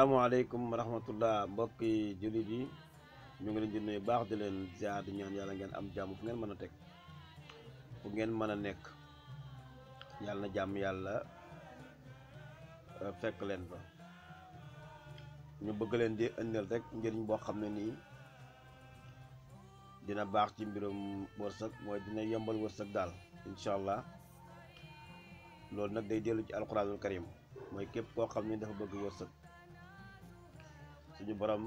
salaamaaleykum wa rahmatullah mbokki jullit yi ñu ngi leen di nuyu baax di leen ziar di ñaan yalla ngeen am jamm fu ngeen mëna tek fu ngeen mëna a nekk yàlla na jàmm yàlla euh, fekk leen fa ñu bëgg leen di indil rek njëriñ boo xam ne nii dina baax ci mbirum wërsëg moy dina yombal wërsëg dal inshallah lool nak day delu ci alquranul karim moy kep ko xamne dafa bëgg wërsëg suñu borom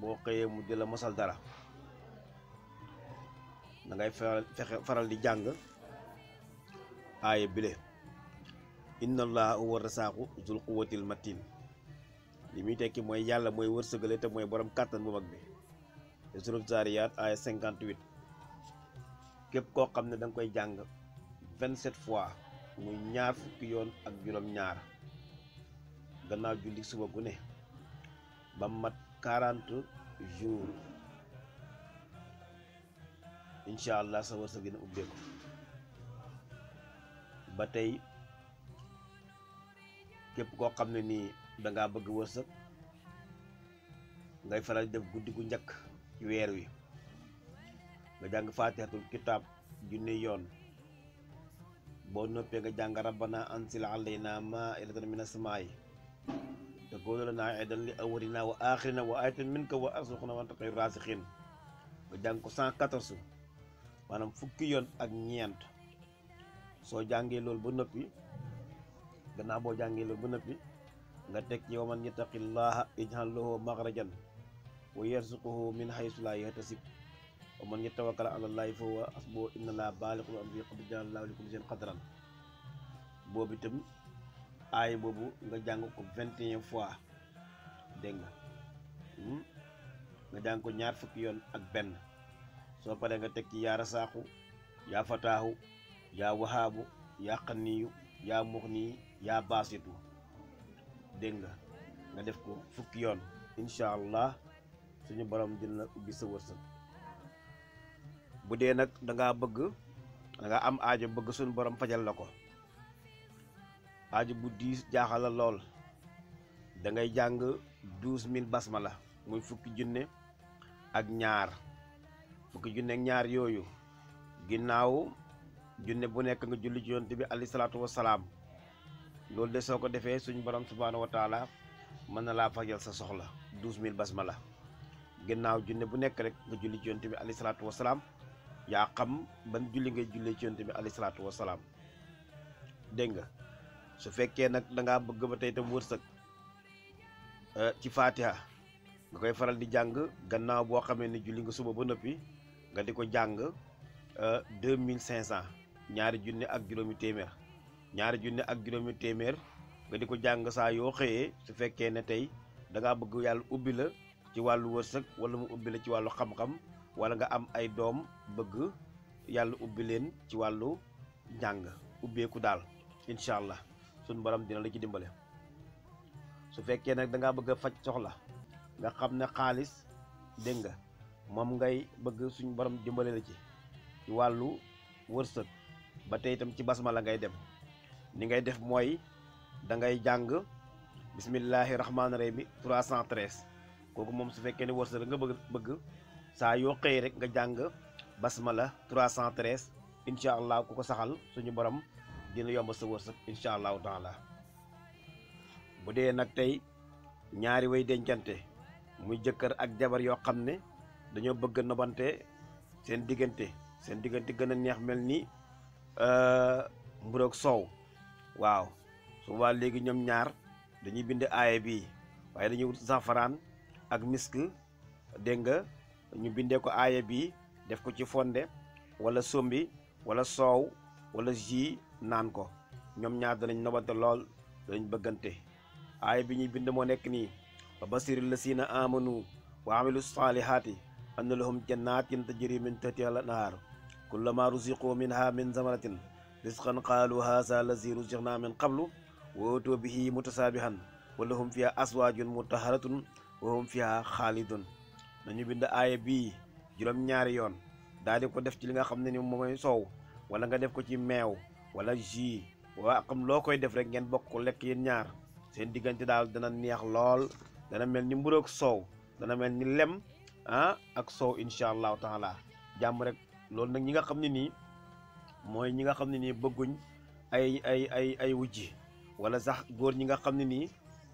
bo xëyee mu dila masal dara da ngay faral di jàng aaya bile inna allaha huwa rasaqu zul al matin limi tekki moy yalla moy wërsegalé té moy borom katan bu mag bi te zariyat zaariyaat 58 kep ko xamné dang koy jang 27 fois muy ñaar fukki yoon ak juroom ñaar gannaaw julli suba gu ne ba mat 40 jours insha allah sa wërsëg dina ko ba tay képp koo xam ne nii dangaa bëgg wërsëg ngay faral def guddi gu njëkk ci weer wi nga jàng faatixatul kitaab junni yoon boo noppee nga jàng rabbana ansil alayna ma ilatan min تكون لنا عيدا لأولنا وآخرنا وآية منك وارزقنا وأنت خير الرازقين nga jàng ko 114 maanaam fukki yoon ak ñeent soo jàngee loolu ba noppi gannaaw boo jàngee loolu ba noppi nga teg ci waman yattaqillaha yaj'al lahu makhrajan wa yarzuquhu min haythu la yahtasib wa man yatawakkal ala allahi fa huwa hasbuhu inna allaha balighu amrihi qad ja'ala allahu li kulli shay'in qadran boobu itam ay bobu nga jang ko 21 et fois dégg nga hmm? nga jàng ko ñaar fukk yoon ak ben so pare nga tek ci ya rasaaxu ya fatahu ya wahabu ya xanniyu ya muxniyu ya basitu deng nga nga def ko fukk yoon inshallah suñu borom dina ubi sa wërsëg bu dee nag da ngaa bëgg da nga am aajo bëgg suñu borom fajal la aji bu 10 lol. lol da ngay jang 12000 basmala muy fukki jinne ak ñaar fukki junne ak ñaar yoyu ginnaaw jinne bu nek nga julli ci yonte bi ali salatu wassalam lol de soko defé suñu borom subhanahu wa taala man na la fajal sa soxla 12000 basmala ginnaaw junne bu nek rek nga julli ci yonte bi ali salatu wassalam ya xam ban julli ngay julli ci yonte bi ali salatu wassalam deng su fekke nak da nga bëgg ba tay tam euh ci fatiha nga koy faral di jang gannaaw bo xamé ni julli nga suba ba nopi nga diko jang euh 2500 ñaari junne ak juroomi téeméer ñaari junne ak juroomi téeméer nga diko jang sa yo yoo su fekke ne tay da nga bëgg yalla ubbi la ci walu wërsëg wala mu ubbi la ci walu xam-xam wala nga am ay doom bëgg yalla ubbi len ci walu jang ubbeeku dal inshallah sun borom dina la ci dimbalé su fekké nak da nga bëgg fajj soxla nga xamné xaaliss xaalis nga mom ngay bëgg suñ borom dimbalé la ci ci walu wërseuk ba tay tam ci basma la ngay dem ni ngay def moy da ngay jang bismillahirrahmanirrahim 313 koku mom su fekké ni wërseul nga bëgg bëgg sa yo xey rek nga jang basma 313 kuko saxal suñu borom dina yomb sa wërsëg incha allahu taala bu dee nag tey ñaari way dencante muy jëkkër ak jabar yoo xam ne dañoo bëgg nobante seen diggante seen diggante gën a neex mel ni euh, mburu ak soow waaw su waa léegi ñoom ñaar dañuy bind aaya bii waaye dañuy wut safaraan ak misk dégg nga ñu bindee ko aaya bii def ko ci fonde wala sombi wala soow wala jus naan ko ñoom ñaar danañ nobante lool danañ bëggante aay bi ñuy bind moo nekk nii wa basiri lasina amanu wa amilu saalihaati anna lahum jannatin tajri min tahtiha al anhaar kullama rusiqu minha min zamaratin risqan qaalu haza lazi rusiqna min qablu wa utoo bihi mutasaabihan wa lahum fiha aswaajun mutaharatun wa hum fiha xaalidun nañu bind aaya bii juróom-ñaari yoon daal ko def ci li nga xam ne ni moom mooy soow wala nga def ko ci meew wala ji wa akam loo koy def rek ngeen bokku lek yeen ñaar seen diggante daal dana neex lool dana melni ni ak dana melni lem ah ak sow inshallah taala jàmm rek loolu nak ñi nga xamni ni moy ñi nga xamni ni bëgguñ ay ay ay ay wujji wala sax goor ñi nga xamni ni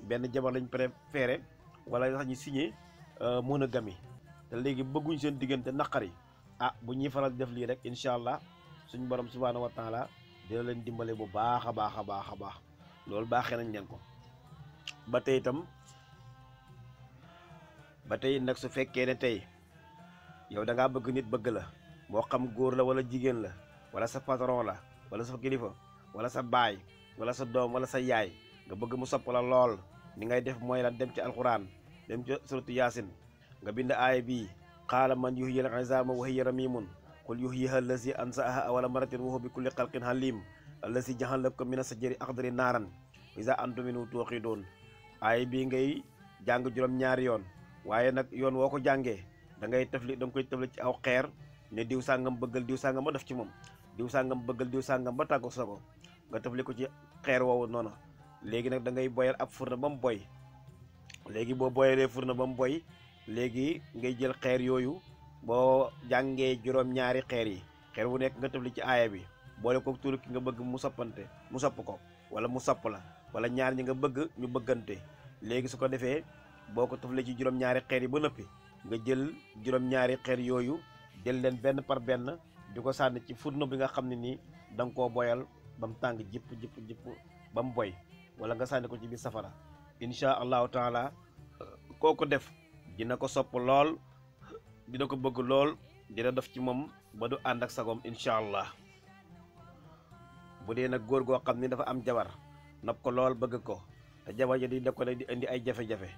ben jabar lañ préféré wala sax ñi signé euh, monogami te légui bëgguñ seen diggante nakari ah bu ñi faral def li rek inshallah suñu borom subhanahu wa taala dina leen dimbale bu baax a baax baax a baaxé nañ leen ko ba tey itam ba tey nag su fekkee né tay yow da nga bëgg nit bëgg la moo xam goor la wala jigen la wala sa patron la wala sa kilifa wala sa bay wala sa dom wala sa yaay nga bëgg mu sopp la lool ni ngay def moy la dem ci alquran dem ci suratu yasin nga bind ay bi qala man yuhyil azama wa hiya ramimun qul yuhyiha allazi ansaaha awala maratin wa huwa bi kulli xalqin halim allazi jaxal lakum mina sajari axdari naaran isa antum minhu doon aay bii ngay jàng juróom-ñaari yoon waaye nag yoon woo ko jàngee da ngay tëfli da nga koy tëfli ci aw xeer ne diw sàngam bëggal diw sàngam ba def ci moom diw sàngam bëggal diw sàngam ba tàggu sa ko nga tëfli ko ci xeer woowu noona léegi nag da ngay boyal ab furna ba mu boy léegi boo boyalee furna ba mu boy léegi ngay jël xeer yooyu boo jàngee juróom-ñaari xeer yi xeer wu nekk nga tëb ci aaya bi boole ko turu ki nga bëgg mu soppante mu sopp ko wala mu sopp la wala ñaar ñi nga bëgg ñu bëggante léegi su ko defee boo ko tëflee ci juróom-ñaari xeer yi ba noppi nga jël juróom-ñaari xeer yooyu jël leen benn par benn di ko sànni ci furno bi nga xam ne nii danga ko boyal ba mu tàng jipp jipp jipp ba mu boy wala nga sànni ko ci biir safara incha allahu taala koo ko def dina ko sopp lool dina ko bëgg lool dina def ci moom ba du ànd ak sagoom incha allah bu dee nag góor goo xam ni dafa am jabar nopp ko lool bëgg ko te jabar ja di da ko di indi ay jafe-jafe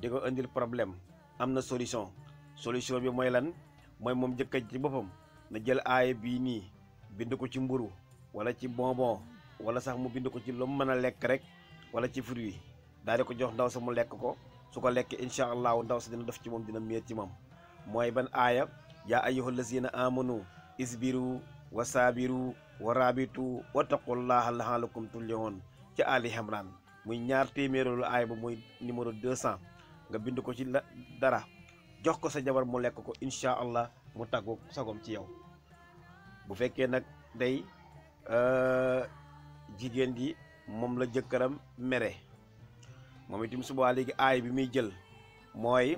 di ko indil problème am na solution solution bi mooy lan mooy moom jëkkër ci boppam na jël aaya bii nii bind ko ci mburu wala ci bonbon wala sax mu bind ko ci lu mën rek wala ci fruit daal di ko jox ndaw sa mu lekk ko su ko lekk ndaw sa dina def ci moom dina miir ci moom mooy ban aaya yaa ayyuhal lazina amanu isbiru wa saabiru wa rabitu wa taqullaha laalakum tulyoon ci Ali Imran muy ñaar téeméeralu aaya ba muy numéro 200 nga bind ko ci la dara jox ko sa jabar mu lekk ko incha allah mu taggu sagom ci yow bu fekkee nag day euh, jigéen ji moom la jëkkëram mere moom itam subaa léegi aay bi muy jël mooy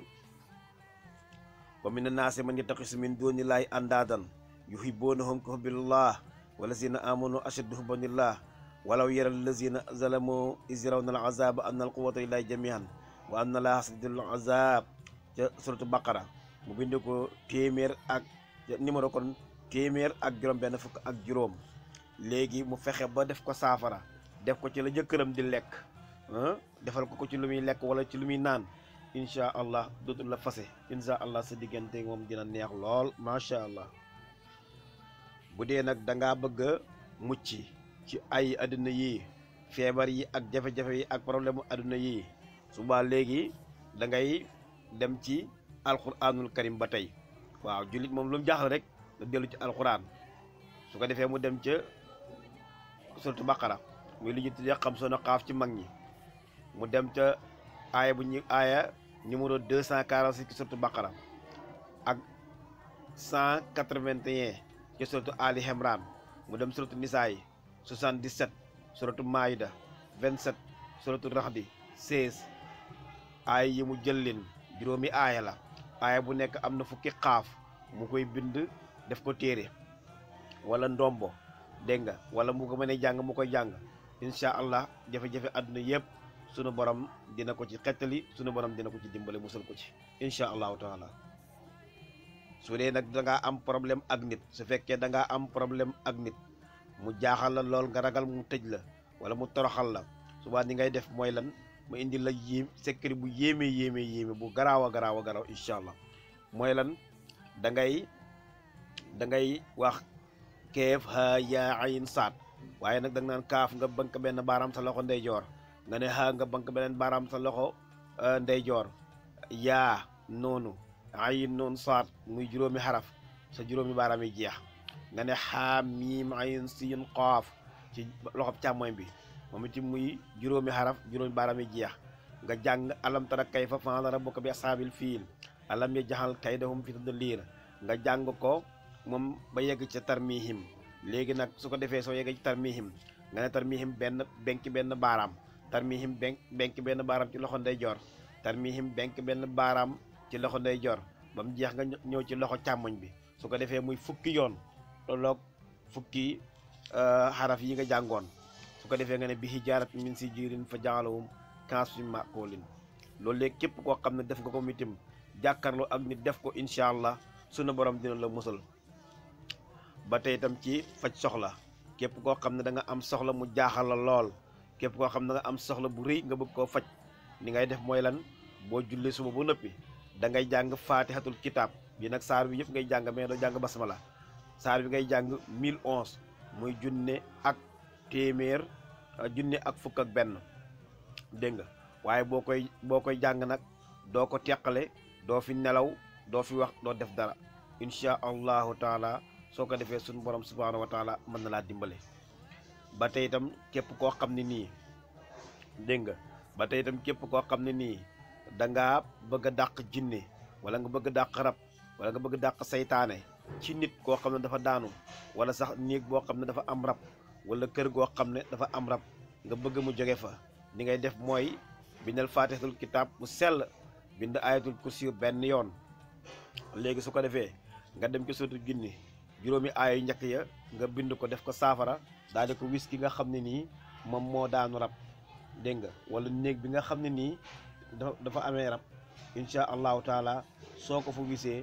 wa mina naasi man yattaxisu min duunillaahi andaadan yuhibbuunahum ka hubbillaah wallaziina aamanuu ashaddu hubban lillaah walaw yaral laziina zalamu iz yarawna al-azaaba anna al-quwwata lillaahi jamii'an wa am laa shadiidul azaab ca suratu baqara mu bind ko téeméer ak numéro kon téeméer ak juróom benn fukk ak juróom léegi mu fexe ba def ko saafara def ko ci la jëkkëram di lekk ah, defal ko ko ci lu muy lekk wala ci lu muy naan incha allah dootul la fase incha allah sa diggante moom dina neex lool macha allah bu dee nag danga ngaa bëgg a mucc ci ay àdduna yi feebar yi ak jafe-jafe yi ak problème àdduna yi suba léegi da ngay dem ci alquranul karim ba tey waaw jullit moom lu mu jaaxal rek da dellu ci alquran su ko defee mu dem ca suratu baqara muy lu ñu tuddee xam soona xaaf ci mag ñi mu dem ca aaya bu ñu aaya numéro 246 ci surtout bakara ak 181 ci surtout ali hamran mu dem surtout nisa 77 surtout maida 27 surtout rahdi 16 ay yi mu jëlin juromi aya la aya bu nek amna fukki khaf mu koy bind def ko téré wala ndombo denga wala mu ko mëne jang mu koy jang incha allah jafé jafe àdduna yépp sunu borom dina ko ci xettali sunu borom dina ko ci dimbali musal ko ci insha allahu taala su dee nak da nga am problème ak nit su fekke da nga am problème ak nit mu jaaxal la lol nga ragal mu tejj la wala mu toroxal la ba ni ngay def moy lan mu indi la yim secret bu yeme yeme yeme bu garawa garawa garaw, a insha allah lan da ngay da ngay wax keef ha ya ayn sat waye nak da nga nga bank ben baram sa loxo jor nga ne ha nga bank benen baram sa loxo eh, jor ya nonu ay non saat muy juromi haraf, sa juromi baram yi jeex nga ne xaa miim ayin siin qaaf ci loxob càmmoñ bi momi ci muy juromi haraf juromi baram yi jeex nga jang alam tara kayfa faala rabbuka bi asaabil fiil alam ya jahal kaydahum fi tadlir nga jang ko mom ba yegg ci tarmihim legi nak suko defé so yegg ci tarmihim nga tarmihim ben benki ben baram tarmihim benk benk benn baaraam ci loxo jor tarmihim benk benn barang ci loxo jor ba mu jeex nga ñëw ci loxo càmmoñ bi su ko defee muy fukki yoon tolloog fukki haraf euh, yi nga jàngoon su ko defee nga ne bi hijaarat min si jirin fa jaalawum kaas ma makoolin loolu léegi képp def ko ko mitim jakarlo ak nit def ko incha allah sunu borom dina la musul ba tay tam ci fajj soxla kep ko xamne da nga am soxla mu jaaxal képp koo xam nga am soxla bu rëy nga bëgg koo faj ni ngay def mooy lan boo julle suba ba nëppi da ngay jàng fatihatul kitab bi nag saar bi yëpp ngay jàng mais doo jàng basmala saar bi ngay jàng 1011 muy junne ak téeméer euh, junne ak fukk ak benn dégg nga waaye boo koy boo koy jàng nag doo ko teqale doo fi nelaw doo fi wax doo def dara insha allahu taala soo ko defee borom subhanahu wa taala mën na laa batay tam itam képp koo xam ne nii nga batay itam képp koo xam da nga bëgg a dàq jinne wala nga bëgg a dàq rab wala nga bëgg a dàq ci nit ko xam dafa daanu wala sax bo dafa am rab wala kër go dafa am rab nga bëgg mu joggé fa ni ngay def moy bindal fatihatul kitab bu sel bind ayatul kursi ben yoon léegi su ko defee nga dem ci sotu jinni juróomi aayu njëkk ya nga bind ko def ko saafara daal ko wis ki nga xam ne nii moom moo daanu rab dégg nga wala néeg bi nga xam ne nii dafa amee rab incha allahu taala soo ko fa wisee.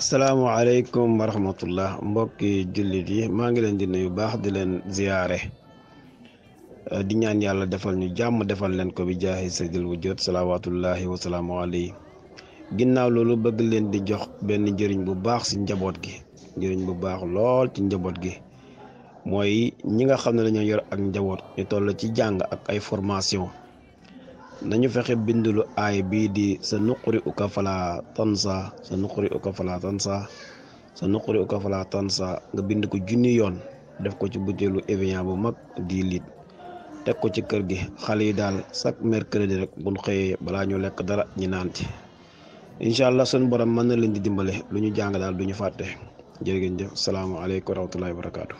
asalaamaaleykum wa rahmatullah mbokki jullit yi maa ngi leen di yu baax di leen ziyaare di ñaan yàlla defal ñu jàmm defal leen ko bi jaahi saydil jot salawaatullahi wa salaamu alayhi ginnaw lolu bëgg leen di jox benn njëriñ bu baax ci njaboot gi njëriñ bu baax lool ci njaboot gi mooy ñi nga xam ne dañoo yor ak njaboot ñu toll ci jàng ak ay formation nañu fexe bindulu aay bii di sa nuquri uka fala tansa sa nuquri uka fala tansa sa nuquri uka fala tansa nga bind ko junni yoon def ko ci butéelu Evian bu mag di lit teg ko ci kër gi xale yi daal chaque mercredi rek buñ xëyee balaa ñu lekk dara ñi naan ci incha allah seen borom mën na leen di dimbale lu ñu jàng daal du ñu fàtte jërë ngeen jëf salaamaaleykum wa rahmatullahi wa barakaatu.